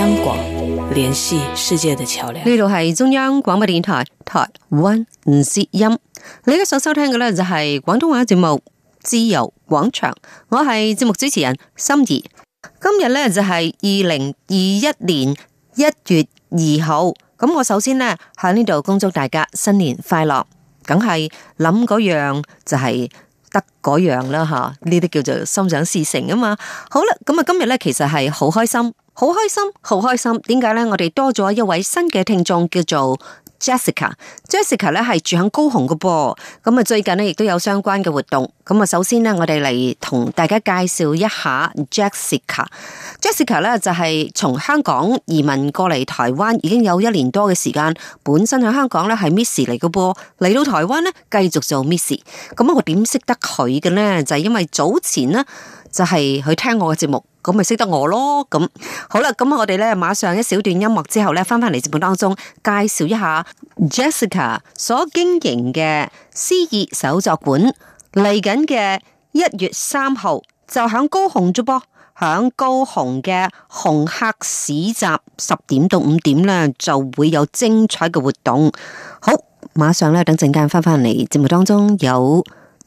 香港聯繫世界的橋梁。呢度係中央廣播電台台灣之音，你而家所收聽嘅咧就係廣東話節目《自由廣場》，我係節目主持人心儀。今日咧就係二零二一年一月二號，咁我首先呢，喺呢度恭祝大家新年快樂，梗係諗嗰樣就係得嗰樣啦吓，呢啲叫做心想事成啊嘛。好啦，咁啊今日咧其實係好開心。好開心，好開心！點解呢？我哋多咗一位新嘅聽眾叫做 Jessica。Jessica 咧係住響高雄嘅，噃，咁啊最近呢亦都有相關嘅活動。咁啊，首先呢，我哋嚟，同大家介紹一下 Jessica。Jessica 咧就係、是、從香港移民過嚟台灣已經有一年多嘅時間。本身喺香港咧係 Miss 嚟嘅噃，嚟到台灣咧繼續做 Miss。咁我點識得佢嘅呢？就係、是、因為早前呢，就係、是、佢聽我嘅節目。咁咪識得我咯。咁好啦，咁我哋咧馬上一小段音樂之後咧，翻返嚟節目當中介紹一下 Jessica 所經營嘅詩意手作館。嚟緊嘅一月三號就響高雄啫噃，響高雄嘅熊客巿集十點到五點咧就會有精彩嘅活動。好，馬上咧等陣間翻返嚟節目當中有。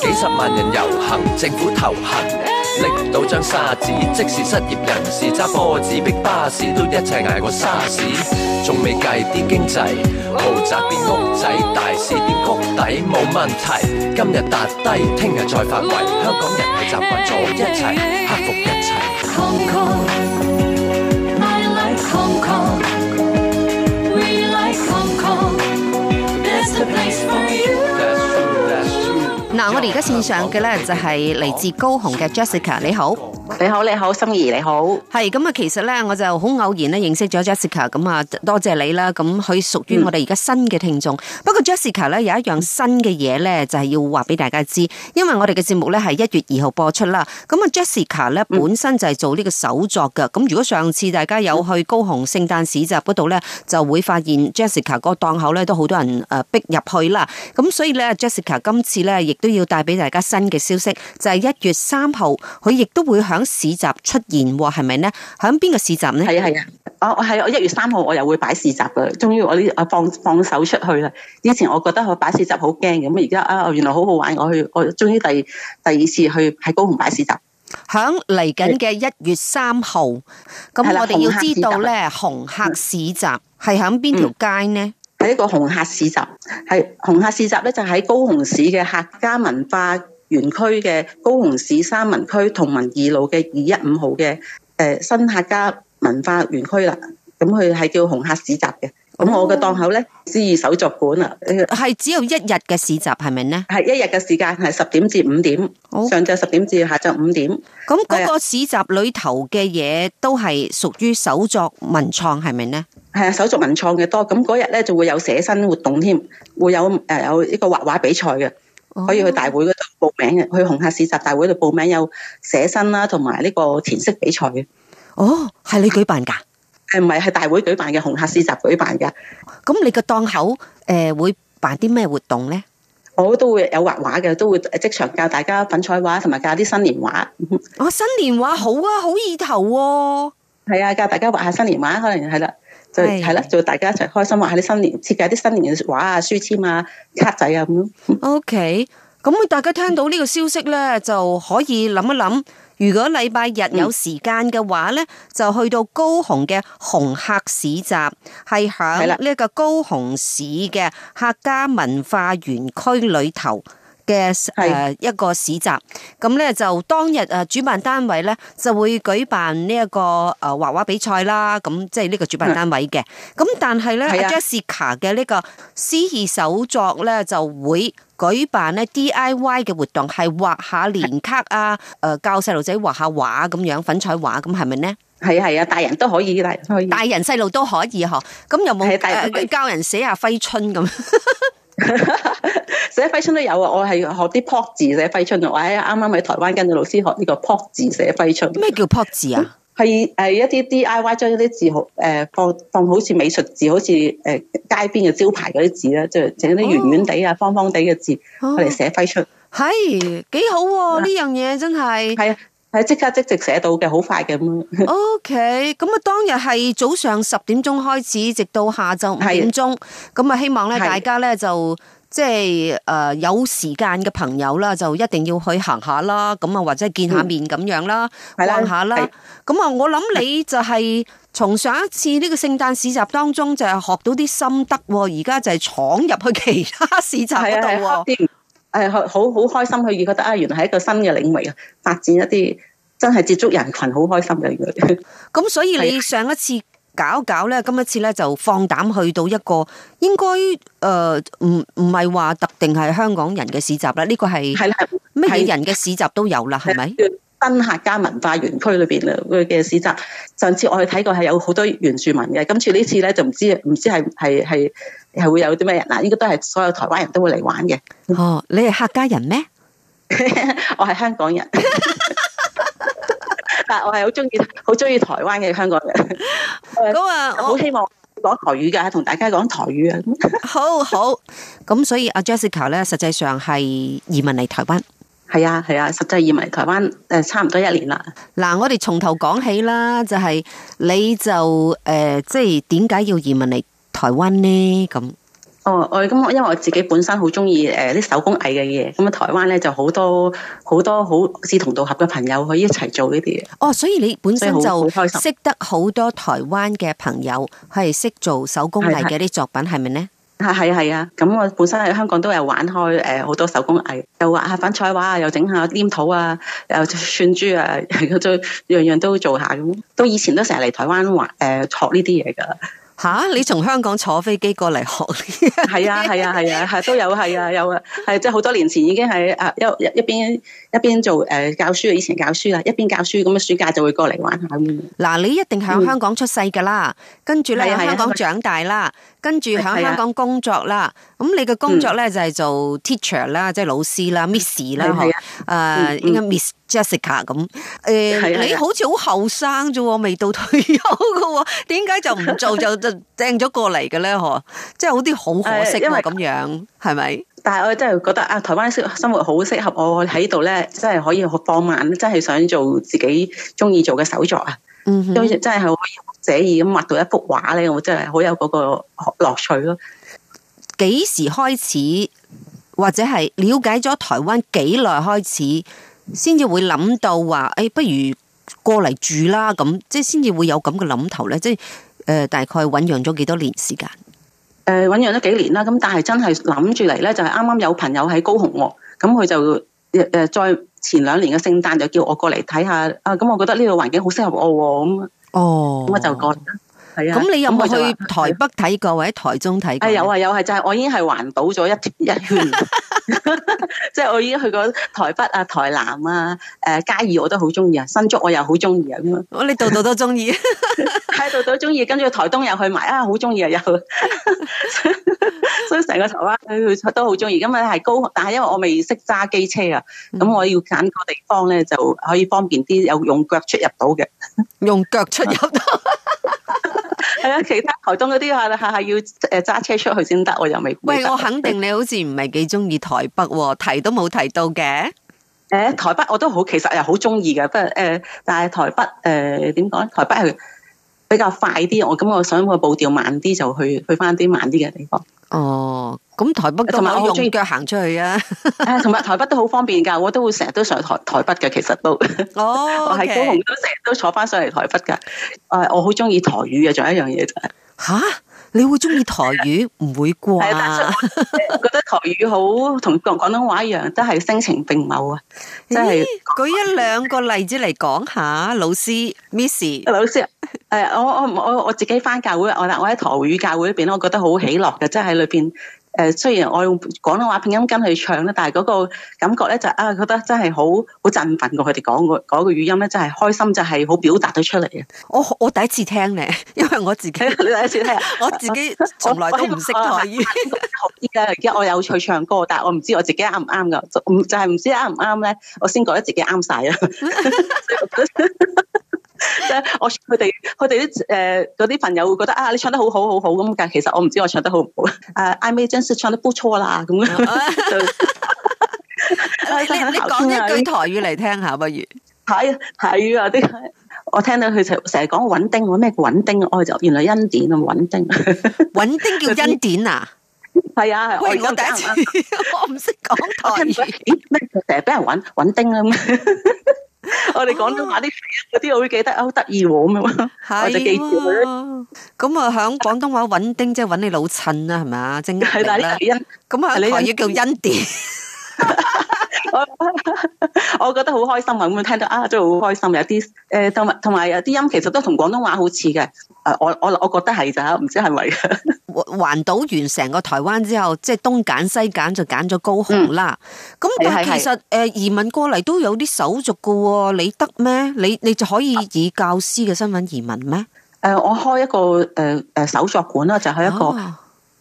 幾十萬人遊行，政府投行，力到張沙子。即使失業人士揸波子，逼巴士都一齊捱過沙士。仲未計啲經濟，豪宅變屋仔，大市變谷底，冇問題。今日跌低，聽日再發圍。香港人係習慣咗，一齊克服一切。嗱，我哋而家線上嘅咧就係嚟自高雄嘅 Jessica，你好。你好，你好，心儀你好。係咁啊，其實咧，我就好偶然咧認識咗 Jessica，咁啊，多謝你啦。咁佢屬於我哋而家新嘅聽眾。嗯、不過 Jessica 咧有一樣新嘅嘢咧，就係、是、要話俾大家知，因為我哋嘅節目咧係一月二號播出啦。咁啊，Jessica 咧本身就係做呢個手作噶。咁、嗯、如果上次大家有去高雄聖誕市集嗰度咧，就會發現 Jessica 個檔口咧都好多人誒逼入去啦。咁所以咧，Jessica 今次咧亦都要帶俾大家新嘅消息，就係、是、一月三號，佢亦都會響。市集出現係咪呢？響邊個市集呢？係啊，係啊，我我係我一月三號我又會擺市集嘅，終於我呢我放放手出去啦。以前我覺得我擺市集好驚嘅，咁而家啊原來好好玩，我去我終於第二第二次去喺高雄擺市集。響嚟緊嘅一月三號，咁的我哋要知道呢熊客市集係響邊條街呢？係一個熊客市集，係熊客市集呢，集集就喺高雄市嘅客家文化園區嘅高雄市三民區同盟二路嘅二一五號嘅誒新客家文化園區啦，咁佢係叫熊客市集嘅，咁我嘅檔口咧，詩意手作館啊，係只有一日嘅市集係咪呢？係一日嘅時間係十點至五點，上晝十點至下晝五點。咁嗰個市集裏頭嘅嘢都係屬於手作文創係咪呢？係啊，手作文創嘅多，咁嗰日咧就會有寫生活動添，會有誒有一個畫畫比賽嘅。可以去大會嗰度報名嘅，去熊客市集大會度報名有寫生啦，同埋呢個填色比賽嘅。哦，係你舉辦噶？誒，唔係，係大會舉辦嘅，熊客市集舉辦噶。咁你個檔口誒會辦啲咩活動咧？我都會有畫畫嘅，都會誒即場教大家粉彩畫，同埋教啲新年畫。哦，新年畫好啊，好意頭。係啊，教大家畫下新年畫，可能係啦。就係啦，就大家一齊開心下啲新年，設計啲新年嘅畫啊、書籤啊、卡仔啊咁。O K，咁大家聽到呢個消息呢，就可以諗一諗，如果禮拜日有時間嘅話呢，就去到高雄嘅熊客市集，係響呢一個高雄市嘅客家文化園區裏頭。嘅誒一個市集，咁咧是就當日誒主辦單位咧就會舉辦呢一個誒畫畫比賽啦，咁即係呢個主辦單位嘅。咁是但係咧、啊、Jessica 嘅呢個詩意手作咧就會舉辦咧 DIY 嘅活動，係畫下連卡啊，誒是、呃、教細路仔畫下畫咁樣粉彩畫，咁係咪呢？係啊係啊，大人都可以，大人細路都可以嗬，咁有冇、啊、教人寫下揮春咁？ 寫揮 春都有啊！我係學啲卜字寫揮春啊！我喺啱啱喺台灣跟住老師學呢、這個卜字寫揮春。咩叫卜字啊？係係、呃、一啲 D I Y 將啲字好誒、呃、放放好似美術字，好似誒、呃、街邊嘅招牌嗰啲字咧，即係整啲圓圓地啊、方方地嘅字，我嚟寫揮春。係幾好呢樣嘢，真係。係啊。係即刻即直寫到嘅，好快嘅。OK，咁啊， okay, 當日係早上十點鐘開始，直到下晝五點鐘。咁啊的，希望咧大家咧就即係誒有時間嘅朋友啦，就一定要去行下啦。咁啊，或者見下面咁樣啦，嗯、逛下啦。咁啊，我諗你就係從上一次呢個聖誕市集當中就係學到啲心得，而家就係闖入去其他市集嗰度。係好，好開心去，覺得啊，原來係一個新嘅領域啊，發展一啲真係接觸人群，好開心嘅。咁 所以你上一次搞一搞咧，今一次咧就放膽去到一個應該誒，唔唔係話特定係香港人嘅市集啦，呢、這個係咩的嘢人嘅市集都有啦，係咪的？吧新客家文化園區裏邊嘅嘅市集，上次我去睇過係有好多原住民嘅，今次呢次咧就唔知唔知係係係係會有啲咩人啊？應該都係所有台灣人都會嚟玩嘅。哦，你係客家人咩？ 我係香港人，但係 我係好中意好中意台灣嘅香港人。咁、啊、 我好希望講台語嘅，同大家講台語啊。 好好，咁所以阿 Jessica 咧，實際上係移民嚟台灣。係啊係啊，實際移民嚟台灣誒，差唔多一年啦。嗱，我哋從頭講起啦，就係、是、你就誒、呃，即係點解要移民嚟台灣呢？咁哦，我咁，因為我自己本身好中意誒，啲手工藝嘅嘢。咁啊，台灣咧就好多好多好志同道合嘅朋友可以一齊做呢啲嘢。哦，所以你本身就識得好多台灣嘅朋友，係識做手工藝嘅啲作品，係咪呢？啊，係啊，係啊，咁我本身喺香港都有玩開誒好多手工藝，又畫下粉彩畫啊，又整下黏土啊，又串珠啊，最 樣樣都做下咁。都以前都成日嚟台灣玩誒學呢啲嘢㗎。吓！你從香港坐飛機過嚟學？係 啊係啊係啊係、啊、都有係啊有啊係即係好多年前已經係啊一邊一邊一邊做誒教書以前教書啦一邊教書咁啊暑假就會過嚟玩下嗱、啊，你一定喺香港出世噶啦，嗯、跟住咧喺香港長大啦，的跟住喺香港工作啦。咁你嘅工作咧就係做 teacher 啦，即係老師啦，Miss 啦，嗬，誒，應該 Miss Jessica 咁，誒，你好似好後生啫，未到退休噶，點解就唔做就就掟咗過嚟嘅咧？嗬、 啊，即係好啲好可惜啊，因為咁樣，係咪？但係我真係覺得啊，台灣生活好適合我喺度咧，真係可以好放慢，真係想做自己中意做嘅手作啊，嗯哼，即係真係可以好寫意咁畫到一幅畫咧，我真係好有嗰個樂趣咯。幾時開始，或者係了解咗台灣幾耐開始，先至會諗到話，誒、哎，不如過嚟住啦，咁即係先至會有咁嘅諗頭呢，即係大概醞釀咗幾多年時間？誒，醞釀咗幾年啦，咁但係真係諗住嚟呢，就係啱啱有朋友喺高雄，咁佢就再前兩年嘅聖誕就叫我過嚟睇下，啊，咁我覺得呢個環境好適合我，咁，哦，我就過咁你有冇去台北睇過，或者台中睇過、哎？有啊，有係、啊、就係、是、我已經係環島咗一一圈，即係 我已經去過台北啊、台南啊、誒嘉義，我都好中意啊，新竹我又好中意啊，咁啊、 哦，你度度,度都中意，係 度度都中意，跟住台東又去埋啊，好中意啊，又、啊， 所以成個台灣佢都好中意。咁日係高雄，但係因為我未識揸機車啊，咁、嗯、我要揀個地方咧就可以方便啲，有用腳出入到嘅，用腳出入到。 係啊，其他台東嗰啲話你下下要誒揸車出去先得，我又未。喂，行我肯定你好似唔係幾中意台北，提都冇提到嘅。誒、呃，台北我都好，其實又好中意嘅，不過誒、呃，但係台北誒點講？台北係比較快啲，我咁、嗯、我想個步調慢啲就去去翻啲慢啲嘅地方。哦，咁台、， 啊、台北都同埋我中意腳行出去啊！誒，同埋台北都好方便噶，我都會成日都上台台北嘅，其實都哦， oh, okay. 我係高雄都成日都坐翻上嚟台北噶。誒、啊，我好中意台語、就是、啊，仲有一樣嘢就係吓。你會中意台語唔會啩？ 係啊，覺得台語好同同廣東話一樣，都係聲情並茂啊！即係、欸、舉一兩個例子嚟講下，老師 Miss，老師誒，我我我我自己翻教會，我啦，我喺台語教會呢邊，我覺得好喜樂嘅，即係喺裏邊。誒雖然我用廣東話拼音跟佢唱咧，但係嗰個感覺咧就係、啊覺得真係好好振奮㗎！佢哋講嗰個講嗰個語音咧，真係開心，就係、係、好表達到出嚟嘅。我我第一次聽咧，因為我自己你第一次聽， 我自己從來都唔識台語。依家而家我有去唱歌，但係我唔知我自己啱唔啱㗎，就唔係唔知啱唔啱咧，我先覺得自己啱晒。啊！ 即係我佢哋、佢哋啲誒嗰啲朋友會覺得啊你唱得好好好好咁，但係其實我唔知我唱得好唔好。誒、啊、，I may just 唱得不錯啦咁。你講一句台語嚟聽下，不如？台語、台語啊！啲我聽到佢成成日講穩丁，咩穩丁？我就原來恩典， 典啊，穩丁，穩丁叫恩典啊？係啊，係。喂，我第一次，我唔識講台語。咩 不懂？成日俾人穩穩丁啊.。 我哋廣東話啲啲，啊、我會記得，好得意咁樣。係，我就記住咁啊，響廣、啊、東話揾丁即係揾你老襯啦，係咪啊？即係恩。咁啊，你台語叫恩典。我 我覺得好開心啊！咁樣聽到啊，真係好開心，有啲誒，同埋同埋有啲音其實都同廣東話好似嘅。誒，我我我覺得係咋，唔知係咪？環 島完成個台灣之後，即係東揀西揀，就揀咗高雄啦。咁、嗯、但係其實誒，是是是移民過嚟都有啲手續噶、哦，你得咩？你你就可以以教師嘅身份移民咩？誒、呃，我開一個誒誒、呃、手作館啦，就係、是、一個。哦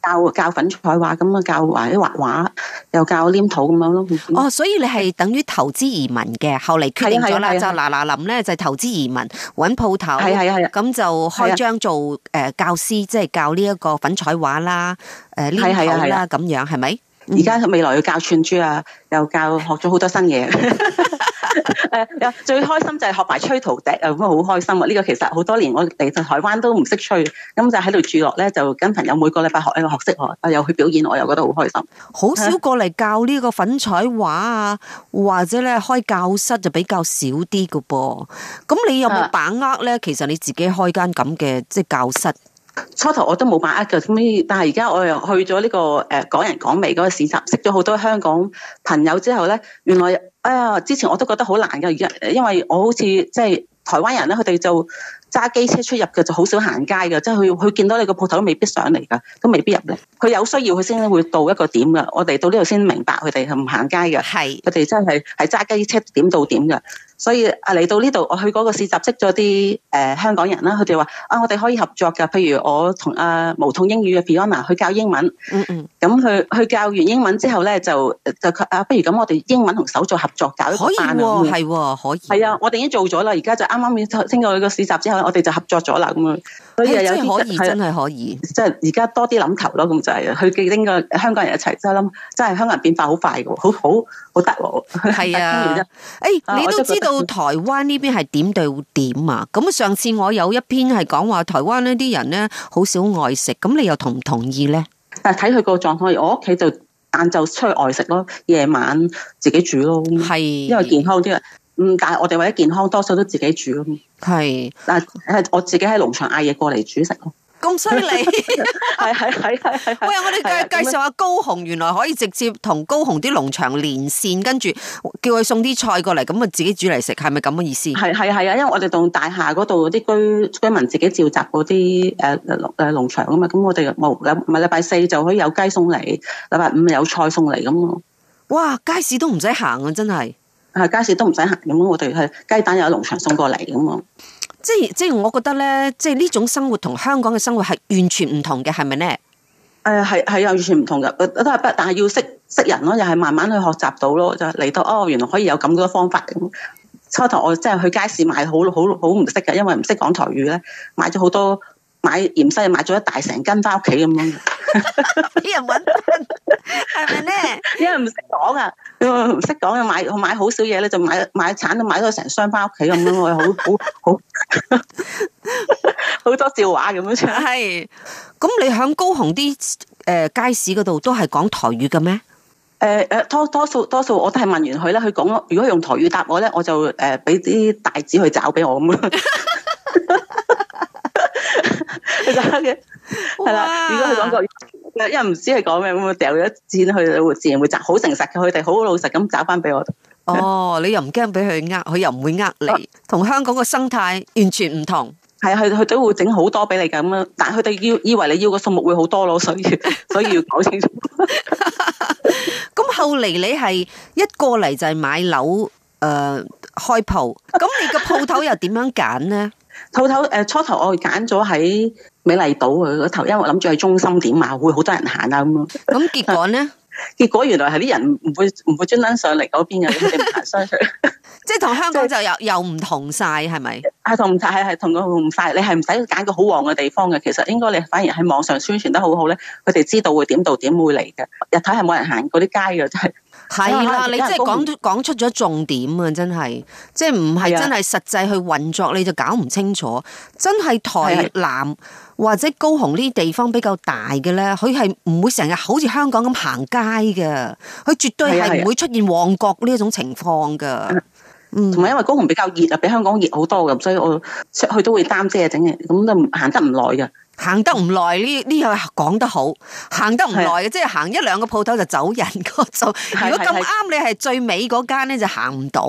教教粉彩畫咁啊，教或者畫畫，又教黏土咁樣咯。哦，所以你係等於投資移民嘅，後嚟決定咗啦，就嗱嗱臨咧就投資移民，揾鋪頭。係係係。咁就開張做誒教師，即係教呢一個粉彩畫啦，誒黏土啦，咁樣係咪？而家未來要教串珠啊，又教學咗好多新嘢。誒， 最開心就係學埋吹陶笛，咁啊好開心啊！呢個其實好多年我嚟到台灣都唔識吹，咁就喺度住落咧，就跟朋友每個禮拜學一個學識學，啊又去表演，我又覺得好開心。好少過嚟教呢個粉彩畫啊，或者咧開教室就比較少啲噶噃。咁你有冇把握咧？ 其實你自己開間咁嘅即係教室，初頭我都冇把握嘅，咁但係而家我又去咗呢個誒港人港味嗰個市場，識咗好多香港朋友之後咧，原來。哎呀！之前我都覺得好難嘅，而家因為我好似即係台灣人咧，佢哋就。揸機車出入嘅就好少行街嘅，即係佢佢見到你個鋪頭未必上嚟噶，都未必入嚟。佢有需要佢先咧會到一個點噶。我哋到呢度先明白佢哋係唔行街嘅，係佢哋真係係揸機車點到點嘅。所以啊嚟到呢度，我去嗰個市集識咗啲誒香港人啦。佢哋話啊，我哋可以合作嘅，譬如我同啊無痛英語嘅 Fiona 去教英文，咁佢、嗯嗯、去，去教完英文之後咧，就就啊，不如咁，我哋英文同手作合作搞可以喎，係喎、yeah.，可以，係啊，我哋已經做咗啦，而家就啱啱聽過去個市集之後。我哋就合作咗啦，咁啊，真係、哎、可以，是真係可以，即係而家多啲諗頭咯，咁就係佢嘅拎該香港人一齊真係諗，真係香港人變化好快嘅，好好好得喎。係啊，誒 就、哎，你都知道台灣呢邊係點對點啊？咁上次我有一篇係講話台灣呢啲人咧好少外食，咁你又同唔同意咧？誒，睇佢個狀態，我屋企就晏晝出去外食咯，夜晚自己煮咯，係是因為健康啲啊。嗯，但係我哋為咗健康，多數都自己煮啊嘛。係，但係我自己喺農場嗌嘢，過嚟煮食咯。咁犀利，係係係係。喂，我哋介介紹下高雄，原來可以直接同高雄啲農場連線，跟住叫佢送啲菜過嚟，咁啊自己煮嚟食，係咪咁嘅意思？係係係啊，因為我哋棟大廈嗰度啲居居民自己召集嗰啲誒誒農誒農場啊嘛，咁我哋無日唔係禮拜四就可以有雞送嚟，禮拜五有菜送嚟咁啊。哇！街市都唔使行啊，真係。係街市都唔使行咁，我哋係雞蛋有農場送過嚟咁。即係即係，我覺得咧，即係呢種生活同香港嘅生活係完全唔同嘅，係咪咧？誒，係係啊，完全唔同嘅，都係不，但係要識識人咯，又係慢慢去學習到咯，就嚟到哦，原來可以有咁多方法。初頭我真係去街市買，好好好唔識㗎，因為唔識講台語咧，買咗好多。買芫茜買咗一大成斤返屋企咁樣，啲 人搵，係咪咧？啲人唔識講啊，唔識講就買買好少嘢咧，就買買橙，買咗成箱返屋企咁樣，我好好好，好 多笑話咁樣。係，咁你響高雄啲誒街市嗰度都係講台語嘅咩？誒誒，多數多數多數我都係問完佢啦，佢講如果用台語答我咧，我就誒俾啲大紙去找俾我咁咯。 嘅係啦，如果佢講句，因為,唔知佢講咩咁，掉咗錢去，會自然會找好誠實嘅，佢哋好老實咁找翻俾我。哦，你又唔驚俾佢呃，佢又唔會呃你。同香港個生態完全唔同，係啊，佢佢都會整好多俾你噶咁啊。但係佢哋要以為你要個數目會好多咯，所以所以要搞清楚。咁後嚟你係一過嚟就係買樓誒開鋪，咁你個鋪頭又點樣揀呢？鋪頭誒初頭我揀咗喺，美麗島佢個頭，因為諗住係中心點嘛，會好多人行啊咁咯。咁 結果呢？結果原來係啲人唔會唔會專登上嚟嗰邊嘅，你唔行上去 即係同香港就有、就是、又唔同晒，係咪？係同唔係係係同佢唔晒，你係唔使揀個好旺嘅地方嘅。其實應該你反而喺網上宣傳得好好咧，佢哋知道會點到點會嚟嘅。日頭係冇人行嗰啲街嘅真係。就是係啦，的你真係講講出咗重點啊！真係，即係唔係真係實際去運作，你就搞唔清楚。真係台南或者高雄呢啲地方比較大嘅咧，佢係唔會成日好似香港咁行街㗎，佢絕對係唔會出現旺角呢一種情況噶。嗯，同埋因為高雄比較熱啊，比香港熱好多咁，所以我出去都會擔遮整嘢，咁都行得唔耐㗎。行得唔耐呢？呢個講得好，行得唔耐嘅，是即係行一兩個鋪頭就走人嗰種。是 如果咁啱你係最尾嗰間咧，就行唔到。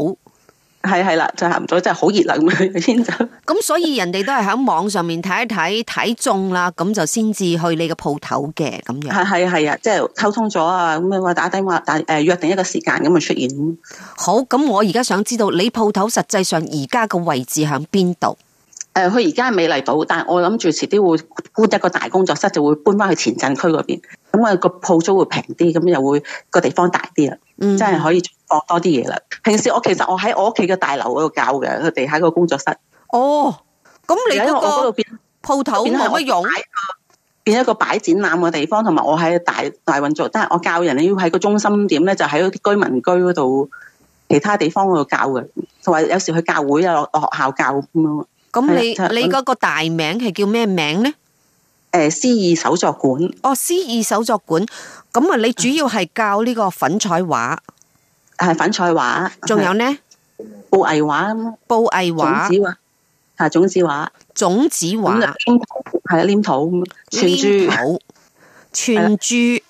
係係啦，就行唔到，即係好熱鬧咁先走。咁所以人哋都係喺網上面睇一睇睇中啦，咁就先至去你個鋪頭嘅咁樣。係係係啊，即係溝通咗啊，咁你話打電話，但約定一個時間咁就出現。好，咁我而家想知道你鋪頭實際上而家個位置喺邊度？誒，佢而家係美麗島，但係我諗住遲啲會搬一個大工作室，就會搬翻去前鎮區嗰邊。咁、那、我個鋪租會平啲，咁又會個地方大啲啦，嗯、真係可以放多啲嘢啦。平時我其實我喺我屋企嘅大樓嗰度教嘅，個地下個工作室。哦，咁你嗰個鋪頭冇乜用，變一個擺展覽嘅地方，同埋我喺大大運作。但係我教人你要喺個中心點咧，就喺嗰居民區嗰度，其他地方嗰度教嘅。同埋有,有時去教會啊，學校教咁樣。咁你，就是，你嗰個大名係叫咩名咧？誒、呃，詩意手作館。哦，詩意手作館。咁啊，你主要係教呢個粉彩畫，係粉彩畫。仲有咧，布藝畫、布藝畫、種子畫，係種子畫、種子畫，係啊，黏土串珠，好，串珠。珠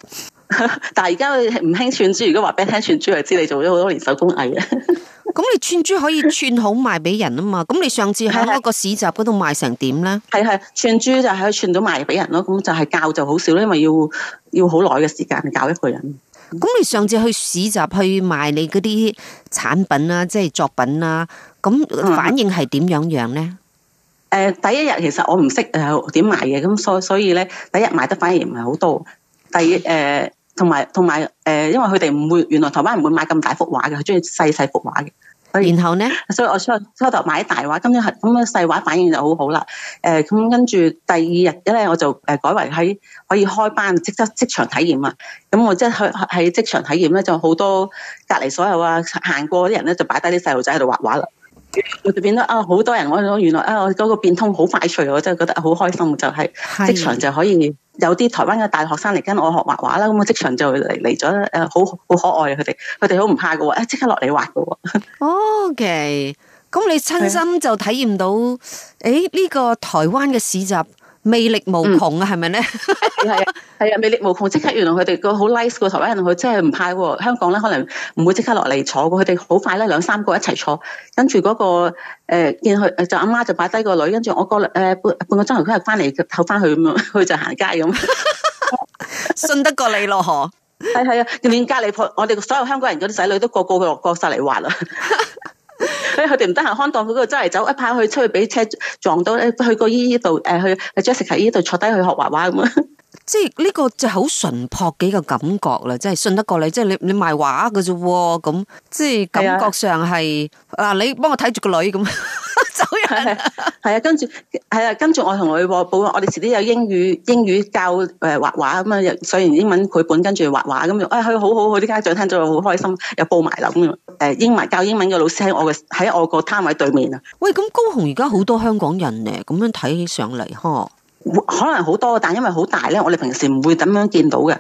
但係而家佢唔興串珠，如果話俾你聽串珠，就知你做咗好多年手工藝啊。咁你串珠可以串好賣俾人啊嘛？咁你上次喺嗰個市集嗰度賣成點咧？係係串珠就係串到賣俾人咯，咁就係教就好少咧，因為要要好耐嘅時間教一個人。咁你上次去市集去賣你嗰啲產品啊，即係作品啊，咁反應係點樣樣咧？誒、嗯呃，第一日其實我唔識誒點賣嘢，咁所所以咧，第一日賣得反而唔係好多。第二誒。呃同埋同埋誒，因為佢哋唔會原來台灣人唔會買咁大幅畫嘅，佢中意細細幅畫嘅。然後咧，所以我初初頭買大畫，今日係咁樣細畫反應就好好啦。誒、呃，咁跟住第二日咧，我就誒改為喺可，可以開班即，即場體驗啊。咁我即係喺即場體驗咧，就好多隔離所有啊行過啲人咧，就擺低啲細路仔喺度畫畫啦。我就變咗啊！好多人我原來啊，我嗰個變通好快脆，我真係覺得好開心，就係、是、職場就可以有啲台灣嘅大學生嚟跟我學畫畫啦。咁我職場就嚟嚟咗，誒、啊，好好可愛啊！佢哋佢哋好唔怕嘅，啊，即刻落嚟畫嘅。 OK，咁你親身就體驗到誒呢的、哎這個台灣嘅市集。魅力無窮啊，係咪咧？係啊，係啊，魅力無窮，即刻原來佢哋個好 nice 個台灣人，佢真係唔怕。香港咧可能唔會即刻落嚟坐過，佢哋好快咧兩三個一齊坐，跟住嗰個誒見佢就阿媽就擺低個女，跟住我個誒半個鐘頭佢係翻嚟唞翻去咁樣，佢就行街咁。信得過你咯，嗬？係係啊，連隔籬鋪我哋所有香港人嗰啲仔女都個個落國泰嚟玩啊！誒，佢哋唔得閒看檔佢，個，真係走一跑去出去俾車撞到咧，去個姨姨度誒，去 Jessica 姨度坐低去學畫畫咁樣。即係呢、這個就好淳樸嘅感覺啦，即係信得過你，即係你你賣畫嘅啫，咁即係感覺上係嗱的、啊，你幫我睇住個女咁，走人係啊，跟住係啊，跟住我同佢報我哋遲啲有英語英語教誒、呃、畫畫咁啊，上完英文繪本，跟住畫畫咁啊，佢、哎、好，好好，我啲家長聽咗好開心，又報埋啦咁樣，誒，英文教英文嘅老師喺我嘅喺我個攤位對面啊，喂，咁、嗯、高雄而家好多香港人咧，咁樣睇起上嚟呵。可能好多，但因為好大咧，我哋平時唔會咁樣見到嘅。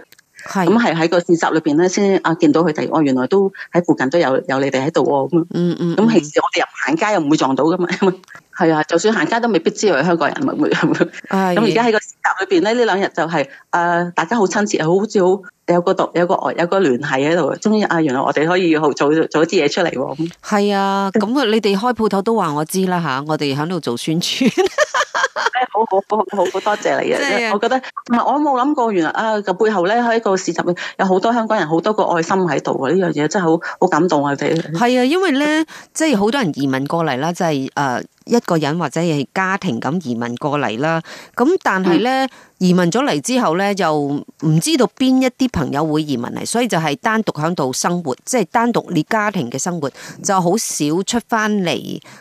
咁係喺個市集裏邊咧，先啊見到佢哋。哦，原來都喺附近都有有你哋喺度喎。咁嗯，嗯嗯，咁平時我哋又行街又唔會撞到㗎嘛。係 啊，就算行街都未必知道係香港人。咪是。咁而家喺個市集裏邊咧，呢兩日就係、是、啊、呃，大家好親切，好似好。有個獨，有個有個聯繫喺度，終於啊，原來我哋可以做做啲嘢出嚟喎。係啊，咁啊，你哋開鋪頭都話我知啦吓， 我哋喺度做宣傳， 好好好好好多謝你啊！即係、我覺得，唔係我冇諗過，原來啊個背後咧喺個市集有好多香港人，好多個愛心喺度啊！呢樣嘢真係好好感動我、啊、哋。係啊，因為咧，即係好多人移民過嚟啦，即係誒一個人或者係家庭咁移民過嚟啦，咁但係咧。嗯移民咗嚟之後咧，就唔知道邊一啲朋友會移民嚟，所以就係單獨喺度生活，即係單獨你家庭嘅生活就好少出翻嚟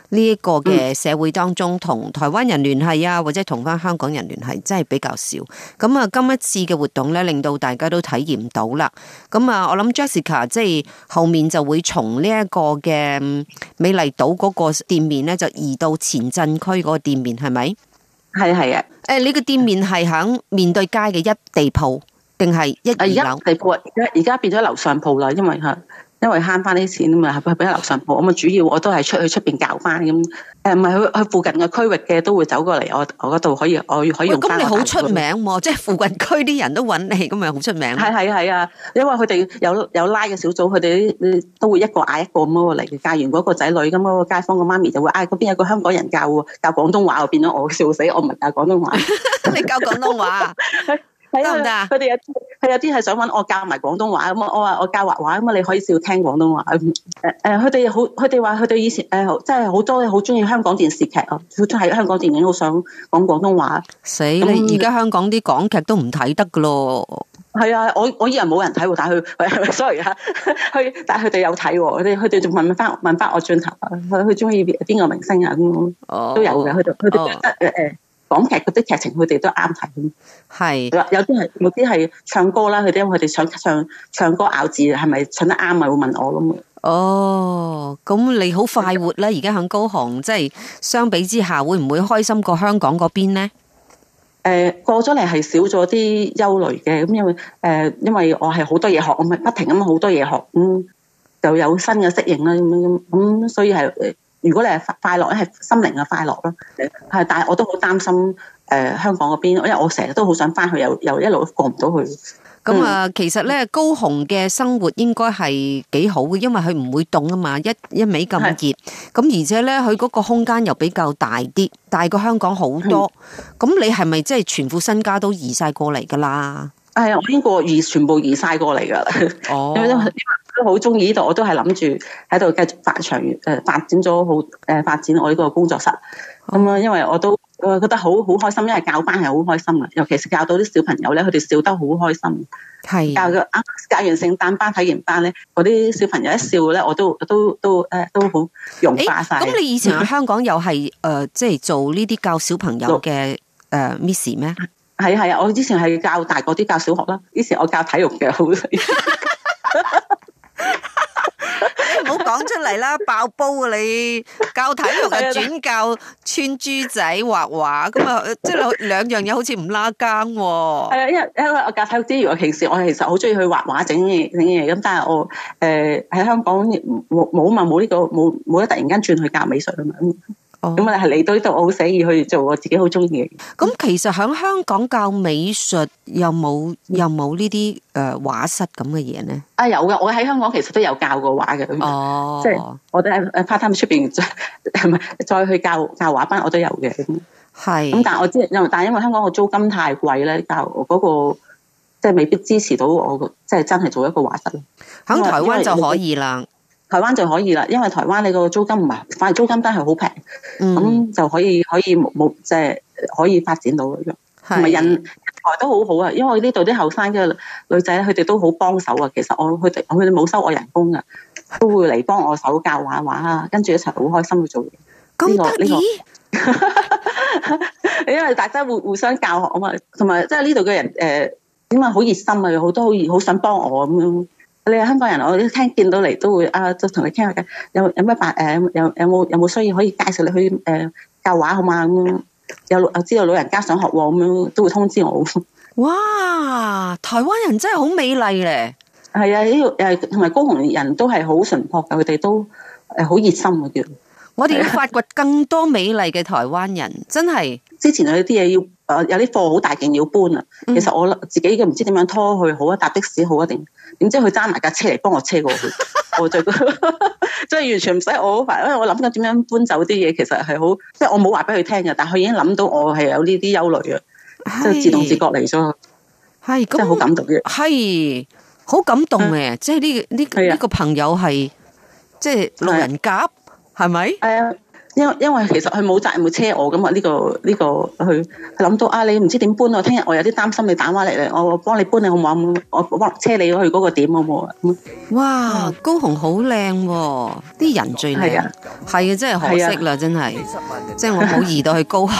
呢一個嘅社會當中，同、嗯、台灣人聯繫啊，或者同翻香港人聯繫，真係比較少。咁啊，今一次嘅活動咧，令到大家都體驗到啦。咁啊，我諗 Jessica 即係後面就會從呢一個嘅美麗島嗰個店面咧，就移到前鎮區嗰個店面，係咪？係啊，係啊。誒，你個店面係響面對街嘅一地鋪，定係一二樓？地鋪而家而家變咗樓上鋪啦，因為係。因為慳翻啲錢啊嘛，去俾啲樓上報。我咪主要我都係出去出邊教翻咁。誒，唔係去去附近嘅區域嘅都會走過嚟我我嗰度可以我可以咁。喂你好出名喎、啊，邊即係附近區啲人都揾你，咁咪好出名。係係係啊，因為佢哋有有拉嘅小組，佢哋都會一個嗌一個咁嚟嘅教完嗰個仔女咁啊、那個、街坊個媽咪就會嗌嗰、哎、邊有個香港人教喎，教廣東話，我變咗我笑死，我唔係教廣東話。 你教廣東話，得唔得？ 佢有啲係想搵我教埋廣東話，咁我話我教畫畫咁啊，你可以試聽廣東話。誒、呃、誒，佢哋好，佢哋話佢哋以前誒、呃，即係好多好中意香港電視劇啊，喺香港電影好想講廣東話。死啦了！而家、嗯、香港啲港劇都唔睇得噶咯。係啊、 嗯，我我以為冇人睇喎，但係佢 sorry 啊，佢 但係佢哋有睇喎，佢哋佢哋仲問翻問翻我轉頭，佢佢中意邊個明星啊咁都有嘅，佢哋佢哋覺得港劇嗰啲劇情佢哋都啱睇，係是有啲係，有啲係唱歌啦，佢啲，佢哋唱唱唱歌咬字係咪唱得啱咪會問我咯。哦，咁你好快活啦。而家喺高雄，即係相比之下，會唔會開心過香港嗰邊咧？誒、呃，過咗嚟係少咗啲憂慮嘅，咁因為誒、呃，因為我係好多嘢學，我咪不停咁好多嘢學，咁、嗯、就有新嘅適應啦，咁樣咁，所以係如果你係快樂，咧係心靈嘅快樂咯，係，但係我都好擔心誒、呃、香港嗰邊，因為我成日都好想翻去，又又一路都過唔到去。咁、嗯、啊，其實咧高雄嘅生活應該係幾好嘅，因為佢唔會凍啊嘛，一一味咁熱。咁是而且咧，佢嗰個空間又比較大啲，大過香港好多。咁、嗯、你係咪即係全副身家都移晒過嚟㗎啦？係啊，邊個移全部移晒過嚟㗎啦？哦。都好中意呢度，我都係諗住喺度繼續發長，誒、呃、發展咗好誒發展、呃、發展我呢個工作室。咁、嗯、啊，因為我都我覺得好好開心，因為教班係好開心嘅，尤其是教到啲小朋友咧，佢哋笑得好開心。係教嘅啊，教完聖誕班睇完班咧，嗰啲小朋友一笑咧，我都都都誒、呃、都好融化晒。咁、欸、你以前喺香港又係誒即係做呢啲教小朋友嘅誒 Miss 咩？係啊係啊，我之前係教大個啲教小學啦，以前我教體育嘅好。 你唔好講出嚟啦，爆煲啊！你教體育嘅轉教穿珠仔畫畫，咁啊， 即係兩樣嘢好似唔拉更喎。係啊， 因為因為我教體育之餘，我平時我其實好中意去畫畫整嘢整嘢，咁但係我誒喺香港冇冇嘛，冇呢個冇冇得突然間轉去教美術啊嘛。咁啊，係嚟，哦，到呢度，我好死意去做我自己好中意嘅。咁，嗯，其實喺香港教美術，有冇有冇，呃，呢啲誒畫室咁嘅嘢咧？啊，哎，有嘅，我喺香港其實都有教過畫嘅。哦，即係，就是，我都喺 part time 出邊，係咪再，再去教教畫班，我都有嘅。係是。咁，嗯，但係我知，因為但係因為香港個租金太貴咧，教嗰，那個即係未必支持到我，即係真係做一個畫室。喺，嗯，台灣就可以啦。台灣就可以啦，因為台灣你個租金唔係反而租金都係好平，咁、嗯、就可以可以冇即係可以發展到嘅啫。同埋的人，人台都好好啊，因為呢度啲後生嘅女仔佢哋都好幫手啊。其實我佢哋佢哋冇收我人工噶，都會嚟幫我手教畫畫啊，跟住一齊好開心去做嘢。呢個呢個。這個、 因為大家互互相教學啊嘛，同埋即係呢度嘅人誒點啊好熱心啊，好多好熱好想幫我咁樣。你係香港人，我都聽見到嚟都會啊，就同你傾下偈。有有咩白誒？有、呃、有冇有冇需要可以介紹你去誒、呃、教畫好嘛？咁、嗯、有知道老人家想學喎，咁、嗯、樣都會通知我。哇！台灣人真係好美麗咧，係啊，呢個誒同埋高雄人都係好淳樸嘅，佢哋都誒好熱心嘅。叫我哋要發掘更多美麗嘅台灣人，真係 之前有啲嘢要誒，有啲貨好大勁要搬啊。其實我自己嘅唔知點樣拖去，好啊搭的士好啊定？點知佢揸埋架車嚟，幫我車過去，我就即係完全唔使我好煩，因為我諗緊點樣搬走啲嘢，其實係好，即係我冇話俾佢聽嘅，但係佢已經諗到我係有呢啲憂慮啊，即係是自動自覺嚟咗，係是真係好感動嘅，係好感動嘅，即係呢個呢呢個朋友係即係路人甲，係咪？係啊。吧因因為其實佢冇責任冇車我咁啊，呢個呢個佢佢諗到啊，你唔知點搬啊，聽日我有啲擔心你打返嚟咧，我幫你搬啊，我冇冇我幫車你去嗰個點好唔好啊？哇，高雄好靚喎，啲人最靚，係啊，係啊，真係可惜啦，真係，即係我冇移到去高雄，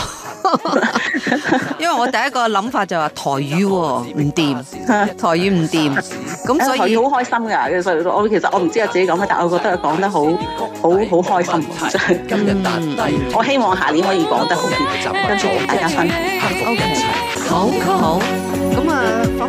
因為我第一個諗法就話台語喎，唔掂，台語唔掂，咁所以好開心㗎，所以我其實我唔知我自己講咩，但我覺得佢講得好，好好開心，真係今日。嗯、我希望下年可以講得好啲，跟住大家分分佈一齊。好，咁啊。咁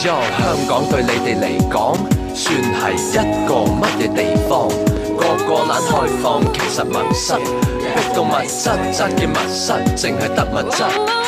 香港對你哋嚟講，算係一個乜嘢地方？個個懶開放，其實物質，逼到物質，物質嘅物質，淨係得物質。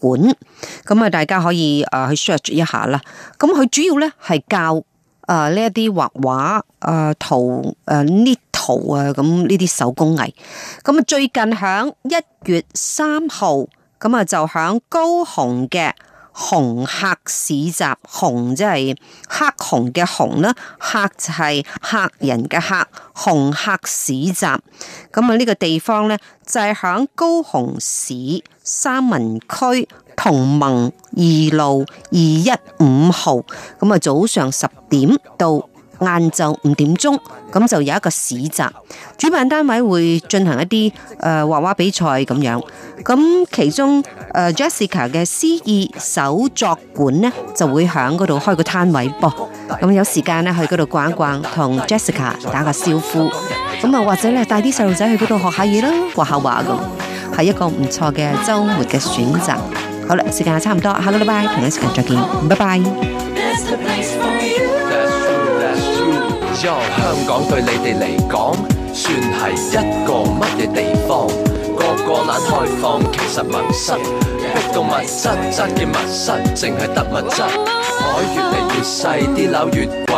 館咁啊，大家可以啊去 search 一下啦。咁佢主要咧係教啊呢一啲畫畫啊圖誒呢圖啊咁呢啲手工藝。咁啊最近響一月三號咁啊就響高雄嘅。熊客市集，熊即係黑熊嘅熊啦，客就係客人嘅客，熊客市集。咁啊，呢個地方呢，就係響高雄市三民區同盟二路二一五號。咁啊，早上十點到。晏晝五點鐘咁就有一個市集，主辦單位會進行一啲誒畫畫比賽咁樣，咁其中誒、呃、Jessica 嘅詩意手作館呢，就會喺嗰度開個攤位噃，咁有時間呢，去嗰度逛一逛，同 Jessica 打個招呼，咁啊或者咧帶啲細路仔去嗰度學下嘢啦，畫下畫咁，係一個唔錯嘅周末嘅選擇。好啦，時間差唔多，hello 啦，下個禮拜，同一時間再見，拜拜。香港對你哋嚟講算係一個乜嘢地方？個個懶開放，其實物質，逼到物質質嘅物質，淨係得物質，海越嚟越細，啲樓越